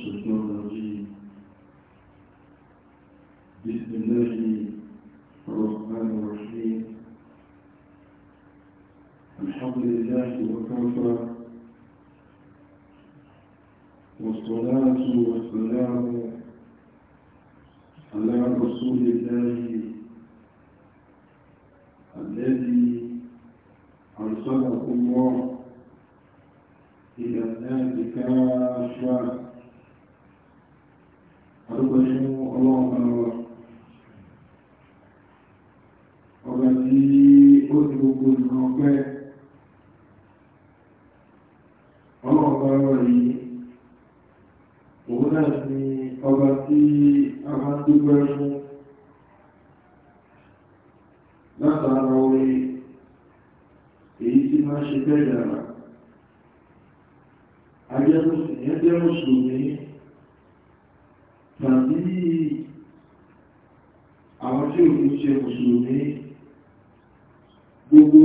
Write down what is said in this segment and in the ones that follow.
الشيطان الرجيم بسم الله الرحمن الرحيم الحمد لله وكفى والصلاة والسلام على رسول الله tí ó ti gbogbo ìran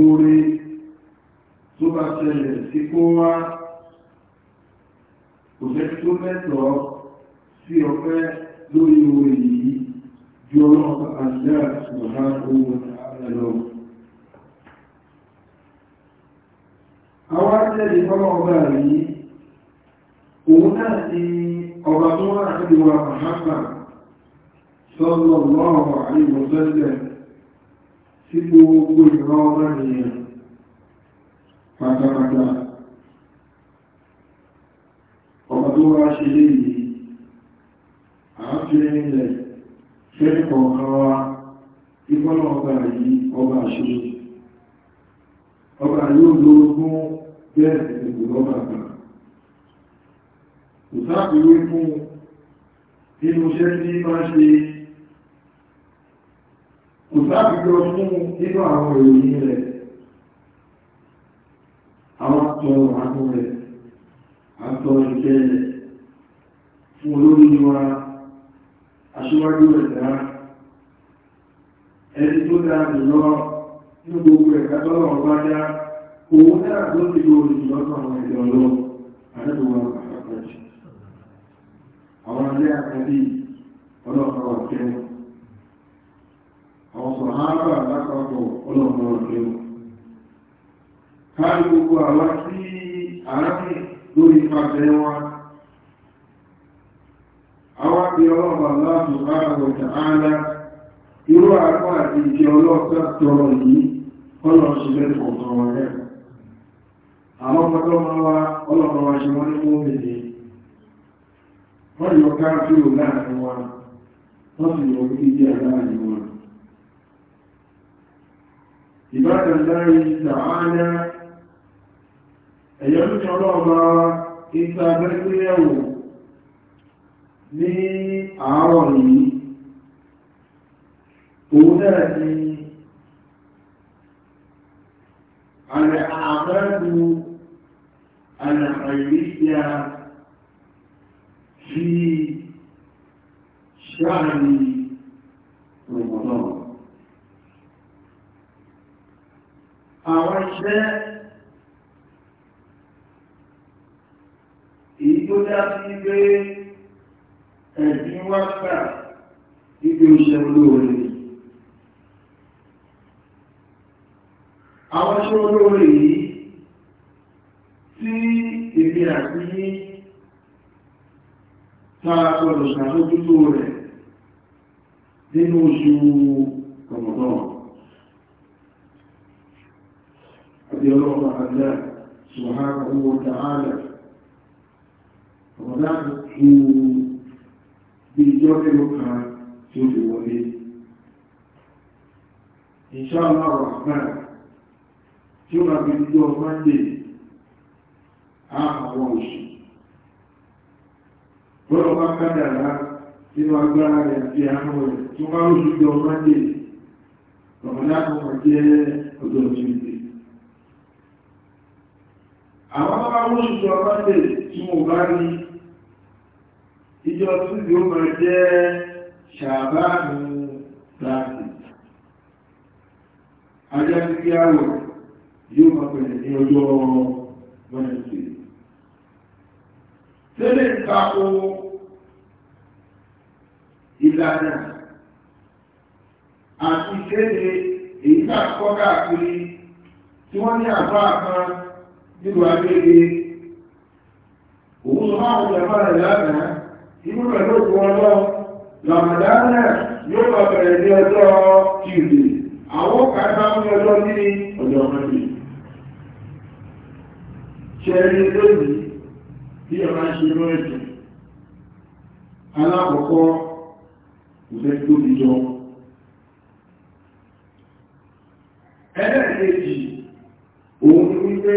oore tó bá ṣẹlẹ̀ sí kó wá kò jẹ́ tó mẹ́tọ̀ọ́ sí ọpẹ́ lórí oore yìí ju ọlọ́pàá àṣẹ àti ọ̀há owó ẹ̀lọ́ àwọn ajẹ́lẹ̀ ọmọ ọba yìí òun náà ti ọba tó wà níbi wa Muhammad sallallahu alaihi wa sallam sí gbogbo ìran ọmọ ènìyàn pátápátá ọmọ tó wá ṣe lè yìí àáfíẹ́ ilẹ̀ fẹ́ẹ̀kọ̀ ọ̀kanwá ìgbọ́nà ọba yìí ọba àṣírí ọba yóò lóògùn bẹ́ẹ̀ ìgbòrò ọba kan kò sáàpìwé fún nínú iṣẹ́ tí máa ṣe kò sáàbìjọ fún nínú àwọn ìròyìn rẹ̀ àwọn àtọ̀ àtọ̀ rẹ̀ àtọ̀ ìjẹ́ rẹ̀ fún olórin wa aṣíwájú rẹ̀ dá ẹni tó dá jùlọ ní gbogbo ẹ̀ka tọ́lọ̀ ọba dá owó náà tó ti lo ìjọsọ̀ àwọn ìjọ lọ àdẹ́bùwà àpapọ̀ àwọn ilé àkàbí ọlọ́pàá ọ̀kẹ́wọ̀n sàhábà lápapọ̀ ọlọ́run ọ̀rẹ́ wọn káàrí gbogbo àwọn tí àárín lórí pàtẹ́ wọn àwọn àti ọlọ́pàá láti káàrọ̀ ìtàhálà irú àpá àti ìjẹ tọrọ yìí ọlọ́ ṣe wọ́n wọ́n yọ káàkiri láàrin wa wọ́n sì yọ orí wọn كتاب الله تعالى أيام كرامة كتاب اليوم لعربي أولادي الأعباد الخيرية في شهر رمضان àwọn iṣẹ́ èyí tó dá sí pé ẹ̀sìn wá gbà níbi oṣẹ́ olóore àwọn iṣẹ́ olóore yìí tí èdè àti yí tààtọ̀lọ̀ ṣàtójútó rẹ̀ nínú oṣù àti ọlọ́pàá àjá ṣùgbọ́n owó tààlà ọ̀dá kú bí ìjọ́ mẹ́lò kan tí ó fi wọlé ìṣàlá ọ̀pá tí ó rà bí ìjọ́ mọ́ndé àwọn oṣù bọ́lọ̀ bá kádàrá nínú agbára rẹ̀ àti àwọn rẹ̀ tí wọ́n rújú jọ mọ́ndé ọ̀pá láàrín ọjọ́ ọjọ́ ìjọ́ àwọn bá mú ṣùgbọ́ ọlọ́dẹ̀ tí mo bá rí ìjọ tí yóò mọ̀ jẹ́ ṣàbáàmù láti ajá ní kí àwọ̀ yóò mọ̀ pẹ̀lẹ̀ ní ọjọ́ wẹ́nẹ̀sì tẹ́lẹ̀ ìtakò ìlànà àti kéde èyí tàkọ́ káàkiri tí wọ́n ní àbá kan nínú agbègbè òun máa ń jẹmọ́ rẹ̀ lánàá inú pẹ̀lú òkú ọlọ́ lọ́mọdánà yóò bá bẹ̀rẹ̀ ní ọjọ́ kìrì àwọn kàtà ní ọjọ́ ní ọjọ́ mẹ́rin ṣẹ́rí bí ọmọ ṣe mọ́ alákọ̀ọ́kọ́ kò fẹ́ tóbi jọ ẹlẹ́ẹ̀kejì òun wípé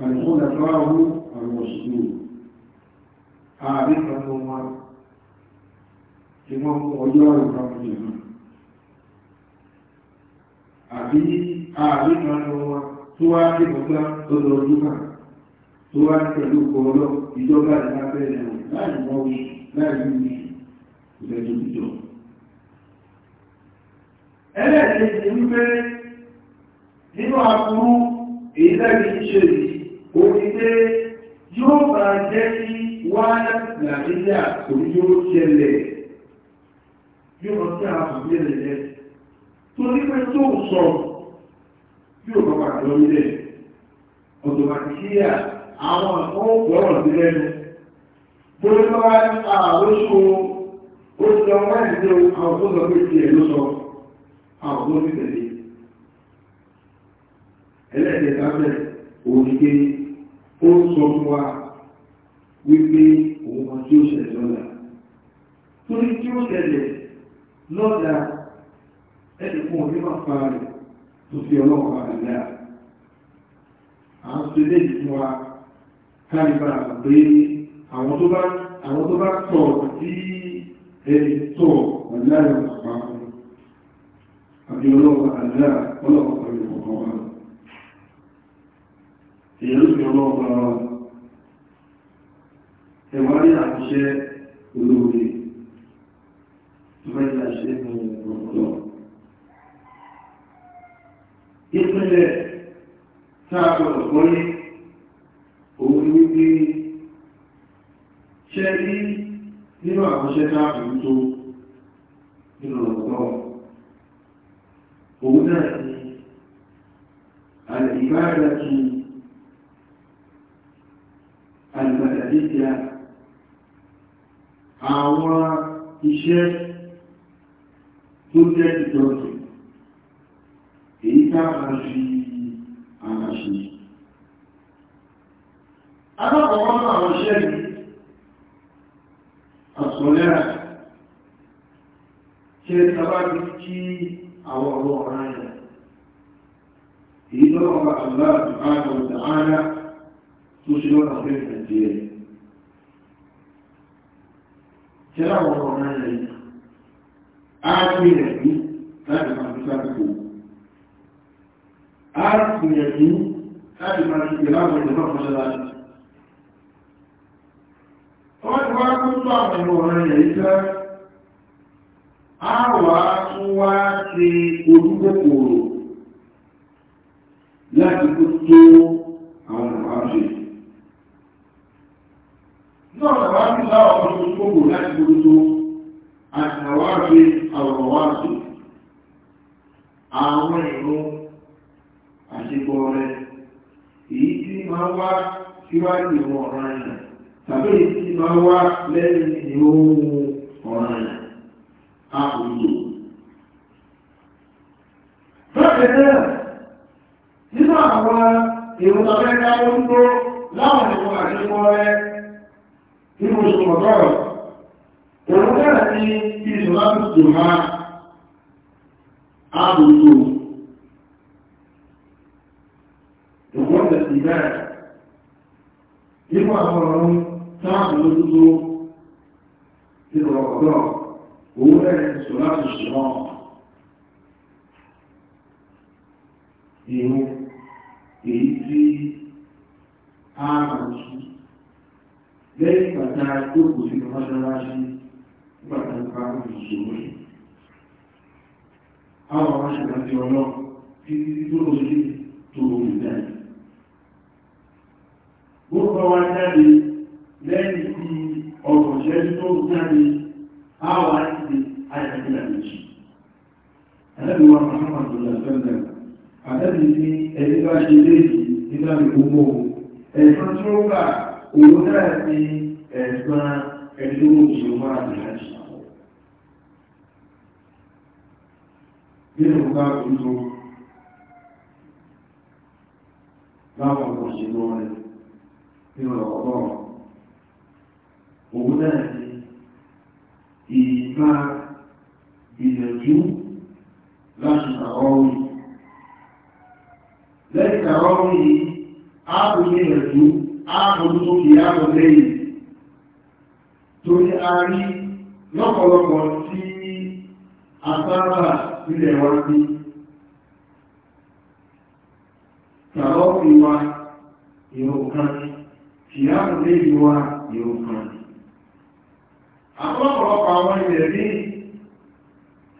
الخلفاء الراشدون ààrin kanú wọn tí wọ́n mú ọjọ́ ìrọ̀rùn ìlú àbí ààrin kanú wọn tó wá ní ọjọ́ lọ́dọ̀ ọdúnmà tó wá ní pẹ̀lú kọ̀ọ̀lọ́ ìjọba ìlàpẹ́ ẹ̀rùn láì mọ́ orí láì ní ìlẹ́jọ́ ìjọ ẹlẹ́ẹ̀kejì wípé nínú àkúrú èyí lẹ́gbẹ̀ẹ́ ṣe yìí onígbé yóò bá jẹ́ kí wáyà nàìjíríà kò yóò ṣẹlẹ̀ yóò lọ sí àwọn àbúlé rẹ̀ tó nígbẹ́ tó sọ yóò bá wà lọ ilẹ̀ ọ̀dọ̀ nàìjíríà àwọn ọ̀pọ̀lọpọ̀ sí lẹ́nu bóyá bá wá ní àlóṣù ó ti lọ wá ìdílé àwọn tó lọ pé tiẹ̀ ló sọ àwọn tó ti tẹ̀lé ẹlẹ́dẹ̀ẹ́ta bẹ̀rẹ̀ òun ni ó sọ fún wa wípé òun kan tí ó ṣẹlẹ̀ lọ́la torí tí ó ṣẹlẹ̀ lọ́la ẹni fún òní máa fa rẹ̀ tó fi ọlọ́pàá rẹ̀ dá à ń ṣe léyìí fún wa kárí bá a pé àwọn tó bá àwọn tó tọ̀ sí ẹni tọ̀ ọ̀la rẹ̀ àbí ọlọ́pàá àdúrà ọlọ́pàá. èyàn fi ọlọ́ọ̀bá wa ẹ̀wárí àṣẹ olóore ìwádìí àṣẹ ní ọ̀pọ̀lọ́. ìpínlẹ̀ táà gbọ́dọ̀ òun wípé ṣẹ́ rí nínú àkọsẹ́ táà tó nínú ọ̀pọ̀ òun náà ni àlùmọ̀tàdíjà àwọn iṣẹ́ tó jẹ́ ìjọsìn èyí táwọn fi ara ṣe alákọ̀ọ́kọ́ àwọn iṣẹ́ yìí àsọ̀lẹ́ra ṣe tàbí kí àwọn ọ̀rọ̀ ọ̀rọ̀ ayẹ̀ èyí lọ́wọ́ bá àlùmọ̀tàdíjà tó ṣe lọ́nà pé ìrìnàjò rẹ̀. Ṣé láwọn ọmọ náà rẹ̀ á gbìyànjú láti máa fi sáàkó? Á gbìyànjú láti máa fi pè láwọn ìjọba mọ́ṣáláṣí. Ọmọ ti wá kó tó àwọn ọmọ rẹ̀ yìí sá. Á wà tún wá ṣe olúkòkòrò láti kó tó àwọn àbáṣe náà wá sí láwọn ọmọ tó gbogbo láti gbogbo àtàwárí àwọ̀wáṣí àwọn ìrún àṣepọ̀ rẹ̀ èyí tí máa wá síwájú ìwọ̀n ọ̀ràn ẹ̀yà tàbí èyí tí máa wá lẹ́yìn ìhóhùn ọ̀ràn ẹ̀yà àkùnjò. Bẹ́ẹ̀ náà, nínú àwọn èrò tàbí ẹ̀ka ó ń gbó láwọn ìwọ̀n àṣepọ̀ rẹ̀ nínú oṣù mọ̀tọ́rọ̀ òun náà ní ìṣù láti jù ha ààbòtò ìwọ́nà sí náà nínú àwọn ọ̀run táàbù lójútó nínú ọ̀dọ́ òun náà ní láti jù ha èyí tí ààbòtò lẹ́yìn ìgbàta ìgbòkò sí mọ́ṣáláṣí nígbàtà nípa ìṣòro àwọn aṣàkàtì ọlọ́ tí tó lọ sí tó omi jáde gbogbo wa jáde lẹ́yìn tí ọkọ̀ ṣẹ́jú tó jáde àwọn àti àyàkìlà méjì àlẹ́bíwá mahamadu lásẹ́lẹ̀ àlẹ́bí ní ẹni bá ṣe léèkì nígbà ìgbòmò ẹ̀sán tí ó gbà òun náà ni ẹ̀gbọ́n ẹdínwó tí ó máa ní àjì nínú bá gbogbo láwọn ọmọ òṣèlú rẹ̀ nínú ọ̀pọ̀ òun náà ni ìgbà ìyẹ̀jú láti àwọ́wì lẹ́yìn yìí á kò ní ìyẹ̀jú ààbòdó ìyàwó lẹ́yìn torí a rí lọ́pọ̀lọpọ̀ tí àtàrà ilẹ̀ wá bí tàbí wa ìrọ̀kan ìyàwó lẹ́yìn wa ìrọ̀kan àpọ̀lọpọ̀ àwọn ilẹ̀ rí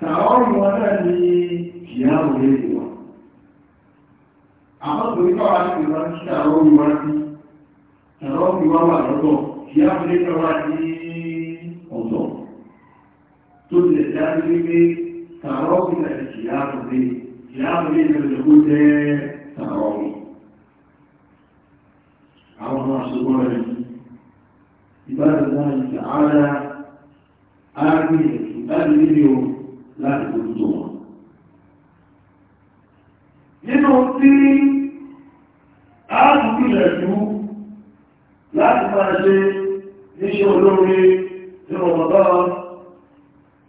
tàbí wọn náà ní ìyàwó lẹ́yìn wa àwọn tòríkọ́ àti ìrántí àwọn olùwárí ọ̀rọ̀ ti wá wà lọ́tọ̀ kí á fi lẹ́tọ̀ wá ní ọ̀tọ̀ tó ti lẹ̀ dájú wípé tààrọ́ ti tàbí kì á fi lé kì á fi lé ìrẹ̀lẹ̀ kó jẹ́ tààrọ́ mi. àwọn ọmọ àṣọgbọ́ rẹ̀ ìbáraẹ̀ náà ìjà ara ààrẹ ìbáraẹ̀ nílé o láti bójú tó wọn. nínú tí a tún kìlẹ̀ fún láti máa ṣe níṣẹ́ olóore tí wọ́n bá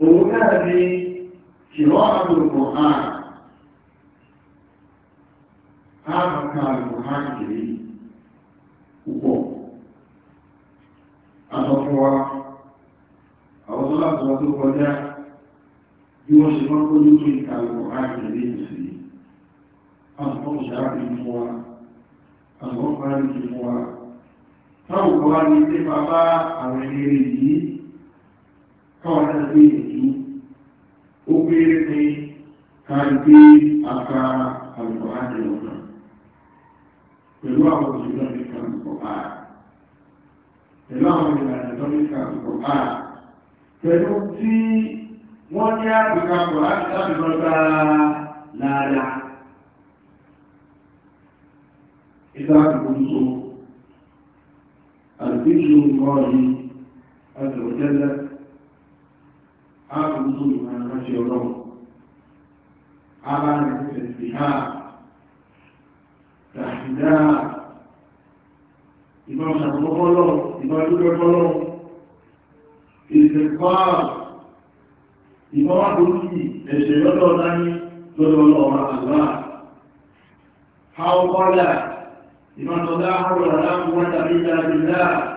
òun náà ni ṣìlọ́ àlùkò hàn áàkà àlùkò hàn kìí púpọ̀ àtọ́fọ́wá àwọn tó láti wọ́n tó kọjá bí wọ́n ṣe mọ́ kó lókè ìka àlùkò hàn kìí sí àwọn tó ṣe á táwọn kan wá ní pé bàbá àwọn eléré yìí káwọn náà gbé èyí ó béèrè pé ká gbé aka àlùkò àti ọ̀nà pẹ̀lú àwọn òṣèlú àmìkà àlùkò á pẹ̀lú àwọn ìlànà àmìkà àlùkò á pẹ̀lú tí wọ́n ní àgbèkà àlùkò á ti láti lọ gbára láàlá ذكر الله عز وجل أعوذ بما نفسي الله على الاتحاد تحديدا إذا شرط الله إذا شرط الله استغفار إذا أعوذ بشيء الله صلى الله عليه وسلم حاول الله إذا تدعى الله لا تقوى إلا بالله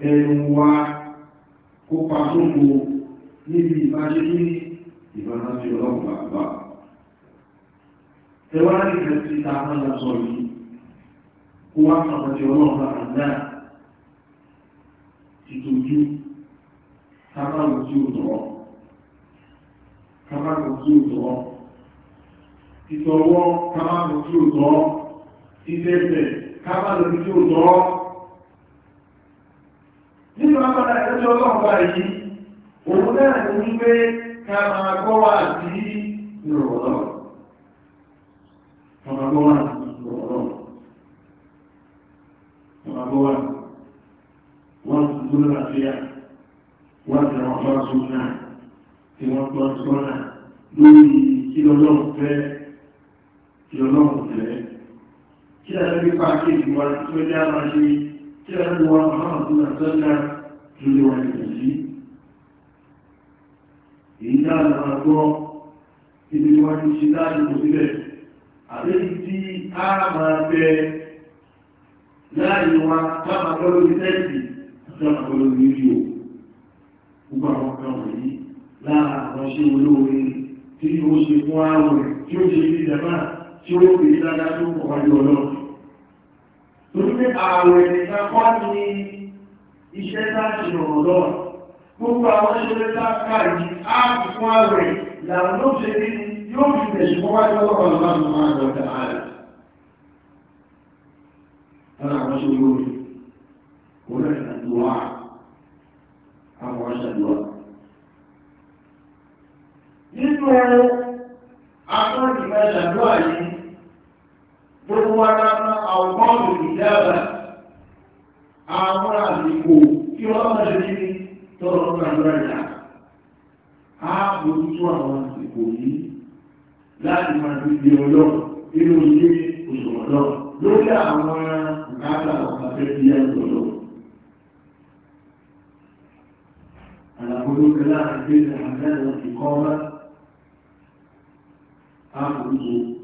ẹnu wa kópa sóko níbi ìbáṣe ní ìbáṣe ọlọ́pàá àgbà. Ẹwà ìfẹ́ ti ta mọ́lá sọ yìí, kó wá sọ̀rọ̀ ọlọ́pàá àgbà ti tójú, kábàrò tí ó tọ́, kábàrò tí ó tọ́, ìtọ̀wọ́ tí nínú agbára ìtọ́jú ọlọ́ọ̀bá yìí òun náà ní wípé ká máa gbọ́ wà sí ìrọ̀lọ́ máa gbọ́ wà sí ìrọ̀lọ́ máa gbọ́ wà wọ́n ti gbóná àfíà wọ́n ti ràn wá sún náà tí wọ́n gbọ́ sọ́nà lórí kí ọlọ́run fẹ́ kí ọlọ́run fẹ́ kí àlẹ́bí pàkíyèsí wa tó jẹ́ àmàṣe tí a lè wọ́n máa ń tó lè wọ́n lè sí. Èyí náà lọ máa ibi wọ́n ti ṣe láti kò sílẹ̀. Àbẹ́bí tí a máa bẹ láàrin wa táwọn akọ́lọ́ ní tẹ́sì àtàwọn akọ́lọ́ ní ìlú. Gbogbo àwọn kan wọ̀nyí lára àwọn olóore tí ó ṣe fún ààrùn tí ó ṣe ní ìjàmbá tí ó pè é dáadáa tó pọ̀ wájú ọlọ́run torí pé ààrẹ nìkan kọ́ ní iṣẹ́ láti rọ̀ lọ́wọ́ gbogbo àwọn ṣẹlẹ̀ láàkà yìí áàpù fún ààrẹ làwọn ló ṣe ní yóò fi tẹ̀sí fún wájú ọlọ́pàá lọ́wọ́ àwọn ọmọ àjọ ọ̀dà ààrẹ lára àwọn ṣe lórí kò rẹ̀ ṣàdúrà àwọn ṣàdúrà nínú àwọn ìgbà yìí gbogbo ara àwọn ìjábà àwọn àsìkò tí wọ́n máa ṣe ní tọ́rọ nàìjíríà a bójútó àwọn àsìkò yìí láti máa fi di ọjọ́ nínú ilé oṣù ọ̀dọ́ lórí àwọn ìkáàtà àfẹ́ tí a lọ́dọ̀ àlàbójútó láti gbé àjẹ́ ìkọ́ bá a bójútó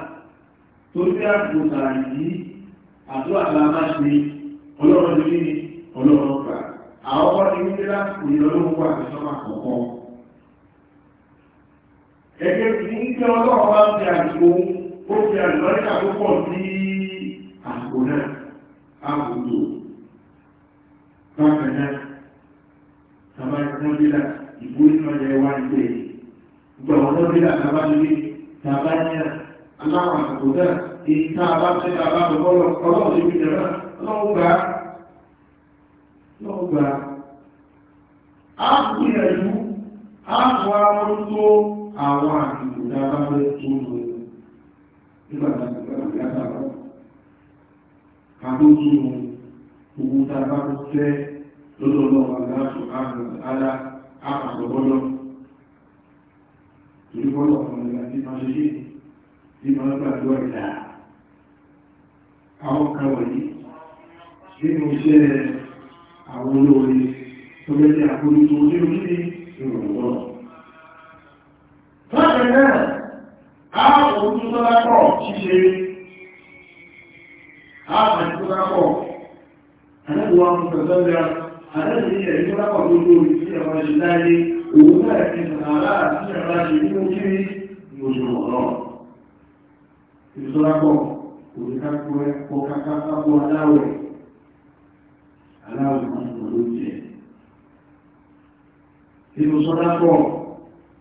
torí àgbòkà yìí àdó àlàmáṣe ọlọ́run ní ọlọ́run gbà àwọn ọmọ ní wípé láti ìrọlọ́run wà ní sọ́mà kọ̀ọ̀kan ẹgbẹ́ tí ń kí ọlọ́run bá ń fi àgbò ó fi àlùbáríkà tó pọ̀ sí àgbò náà àgbòdo bákan náà tàbá ìfúnnọ́bílà ìbúrí náà yẹ wá ní pé gbọ̀wọ́nọ́bílà tàbá ní tàbá ní àgbò aláwọ̀ àkùdá èyí tá a bá fẹ́ ta bá bọ́ lọ ọlọ́run ti fi jẹ̀rọ lọ́wọ́ gbà á lọ́wọ́ gbà á gbìyànjú á wà lóko àwọn àkùdá bá fẹ́ tó lọ nígbà tá a bá fẹ́ ta bá àbójú òwú tá a bá fẹ́ lọ́dọ̀ọ́lọ́wọ́ ìgbà tí máa ṣe yìí nínú ọgbàgbọ́ ìdá àwọn kàwàní nínú iṣẹ́ àwọn olóore tó lẹ́lẹ́ àkójútó ní orílẹ̀ ìrọ̀lọ́ láti náà àwọn olùsọ́lápọ̀ ṣíṣe àwọn olùsọ́lápọ̀ àlẹ́wọ̀ àwọn olùsọ́lápọ̀ àlẹ́wọ̀ ẹ̀rí tó lápọ̀ tó lórí sí ẹ̀wọ̀n ṣe láyé òun náà ẹ̀kẹ́ sàárà sí ẹ̀rọ ìsọ́lápọ̀ kò kákápọ̀ aláwẹ̀ aláwẹ̀ kan tó ló jẹ́ nínú sọ́lápọ̀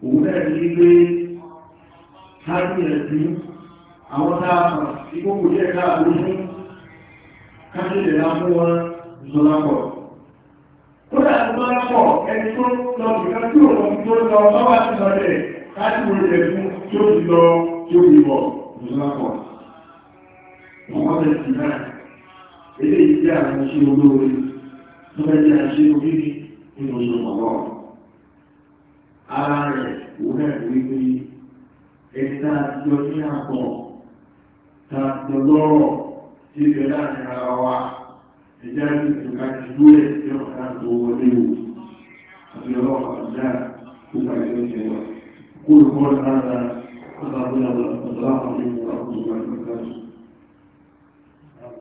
òun náà ní pé káàkiri ẹ̀sìn àwọn táàpà ìkókò jẹ́ káàkiri fún káàkiri láfún wọn ìsọ́lápọ̀ kódà ìsọ́lápọ̀ ẹni tó lọ bìkan tí òun tó lọ bá wà sí lọ́dẹ̀ láti wọlé ẹ̀fún tí ó ti lọ tí ó ti bọ̀ ìlọ́pọ̀ wọ́n lè ti náà ilé ìjẹ́ àwọn ṣe olóore tó fẹ́ jẹ́ ṣe oríri nínú oṣù ọ̀pọ̀ ara rẹ̀ wọ́n rẹ̀ wípé ẹ̀ta jọ ní àpọ̀ tàbí lọ́rọ̀ tí ìfẹ́ láàrin ara wa ẹ̀jẹ̀ àti ìtùkà ti dúró ẹ̀ tí wọ́n ká tó wọlé wò àti ọlọ́pàá Allah ya rahmatullahi wa barakatuh